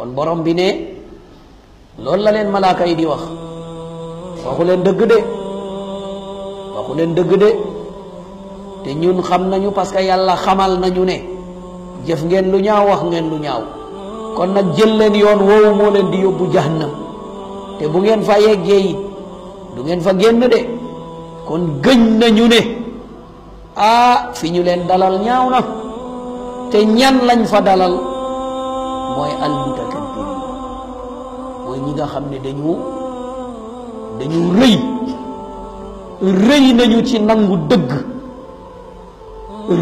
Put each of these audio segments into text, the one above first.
kon borom bi ne loolu la leen malaaka yi di wax waxu leen dëgg de waxu leen dëgg de te ñun xam nañu parce que yàlla xamal nañu ne jëf ngeen lu ñaaw wax ngeen lu ñaaw kon nag jël leen yoon woowu moo leen di yóbbu jahannam te bu ngeen fa du ngeen fa de kon gëñ nañu ne ah fi ñu leen dalal ñaaw na te ñan lañ fa dalal mooy almutakabbirin mooy ñi nga xam ne dañu dañu rëy rëy nañu ci nangu dëgg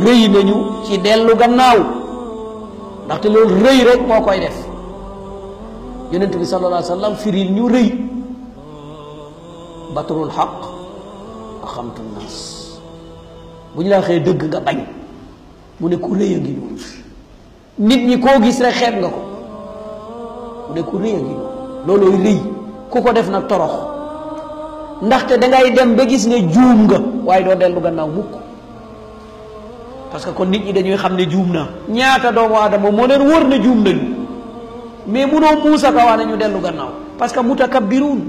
rëy nañu ci dellu gannaaw ndaxte loolu rëy rek moo koy def yonent bi sallallahu alayhi wa firil ñu rëy batrul xaq axamtu naas bu ñu la waxee dëgg nga bañ mu ne ku rëy a ngi ñëw nit ñi koo gis rek xeeb nga ko ili, koko ku toro. a ngi ku ko def nag torox ndaxte da ngay dem ba gis nga juum nga waaye doo dellu gannaaw mukk parce que kon nit ñi dañuy xam ne juum naa ñaata doomu aadama moo leen wër na juum muta mais munoo iri. ka waane ñu dellu gannaaw parce que mutakabbiruun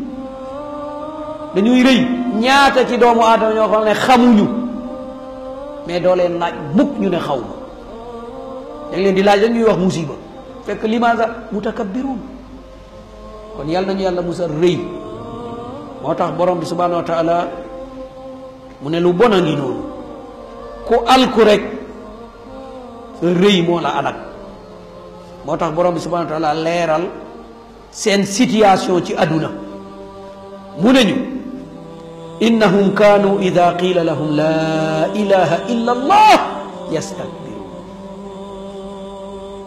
dañuy rëy ñaata ci ne xamuñu mais leen laaj mukk ñu ne dañ leen di laaj ñuy wax musiba fekk limaza mutakabbirun kon yàlla nañu yàlla musal rëy moo tax borom bi subhanahu wa taala mu ne lu bon a ngi noonu ku alku rek sa rëy la alak moo borom bi subhanahu wa taala leeral seen situation ci aduna mu ne innahum kanu ida qila lahum la ilaha illa allah yastakbir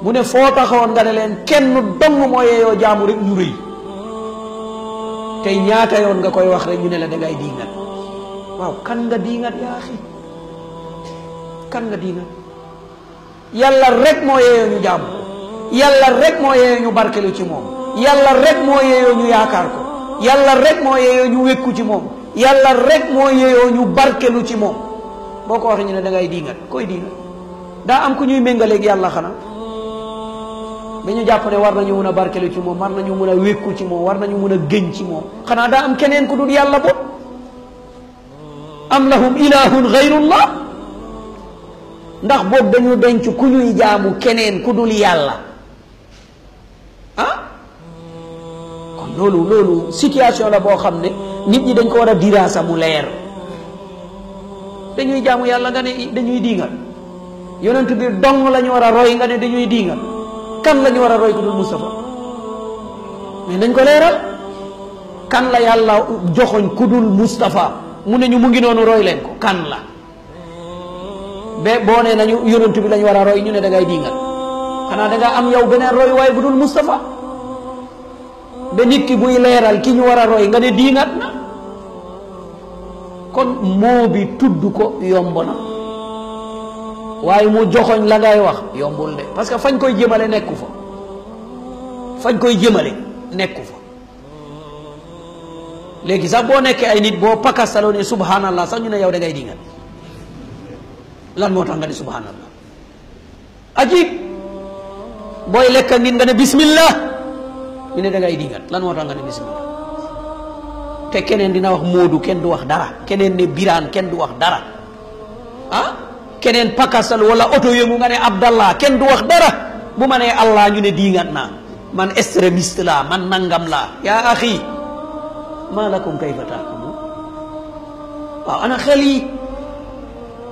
mu ne foo taxawoon nga ne leen kenn dong moo yeeyoo jaamu rek ñu rëy tey ñaata yoon nga koy wax rek ñu ne la dangay diingat waaw kan nga diingat yaa yàlla rek moo yeeyoo ñu jaamu yàlla rek ñu barkelu ci moom yàlla rek moo yeeyoo ñu yaakaar ko yàlla rek moo yeeyoo ñu wékku ci moom yàlla rek moo yeeyoo ñu barkelu ci moom boo ko waxee ñu ne da ngay diingat koy diingat daa am ku ñuy méngaleeg yàlla xanaa dañu jàpp ne war nañu mun a barkelu ci moom war nañu mun a wékku ci moom war nañu mun a gëñ ci moom xanaa daa am keneen ku dul yàlla boobu am lahum ilahun gayrullah ndax boobu dañu denc ku ñuy jaamu keneen ku dul yàlla ah loolu loolu situation la boo xam ne nit ñi dañ ko war a diraasa mu leer dañuy jaamu yàlla nga ne dañuy diingal yonent bi dong la ñu war a roy nga ne dañuy diingal kan lañu war a roy ku dul Moustapha mais nañ ko leeral kan la yàlla joxoñ ku dul Moustapha mu ne ñu mu ngi noonu roy leen ko kan la ba boo nee nañu yonent bi lañu war a roy ñu ne dangay ngay xanaa da am yow beneen roy waaye bu dul Moustapha ba nit ki buy leeral ki ñu war a roy nga ne diingat na kon moo bi tudd ko yomb na waaye mu joxoñ la ngay wax yombul de parce que fañ koy jëmale nekku fa fañ koy jëmale nekku fa léegi sax boo nekkee ay nit boo pakastaloo ne subhanallah sax ñu ne yow da ngay dingal lan moo tax nga ne subhanallah ajib booy lekk nit nga ne bismillah ñu ne da ngay dingal lan moo tax nga ne bismillah te keneen dina wax Moodu kenn du wax dara keneen ne Biraan kenn du wax dara keneen pakasal wala oto yëngu nga ne abdallah ken du wax dara bu allah ñu diingatna man extrémiste laa man nangam laa ya axi malakum lakum kayfa tahkumun waaw ana xel yi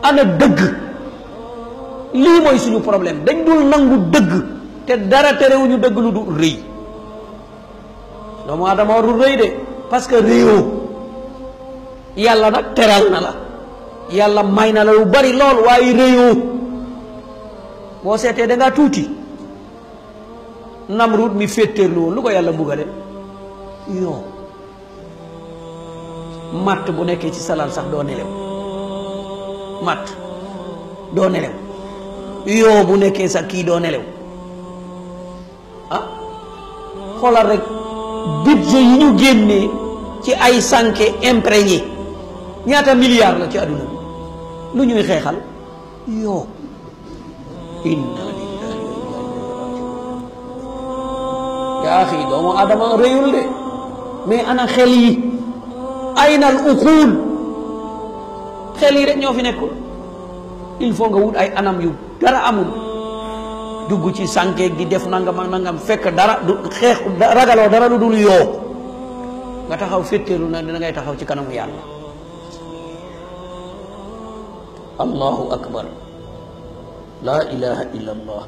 ana dëgg lii mooy suñu problème dañ dul nangu dëgg te dara terewuñu dëgg lu du rëy doomu adama de parce que réyoo yàlla nag teral na la yalla mayna la lu bari lool waaye réyoo boo seetee da ngaa tuuti namrut mi féttéerlu woon lu ko yàlla mbugale yoo iya. Mat bu nekkee iya, ci salaan sax doo nelew matt doo nelew yoo bu nekkee sax kii doo nelew ah xoolal rek budget yi ñu génnee ci ay sànke imprégné ñaata milliards la ci àdduna lu ñuy xeexal yoo inna lillahi doomu adama réyul de mais ana xel yi aynal uqul xel yi rek ñoo fi nekkul il faut nga wut ay anam yu dara amul dugg ci sànkeeg di def nangam ak nangam fekk dara du xeex ragaloo dara lu dul yoo nga taxaw fétteelu na dina taxaw ci kanamu yàlla الله أكبر لا إله إلا الله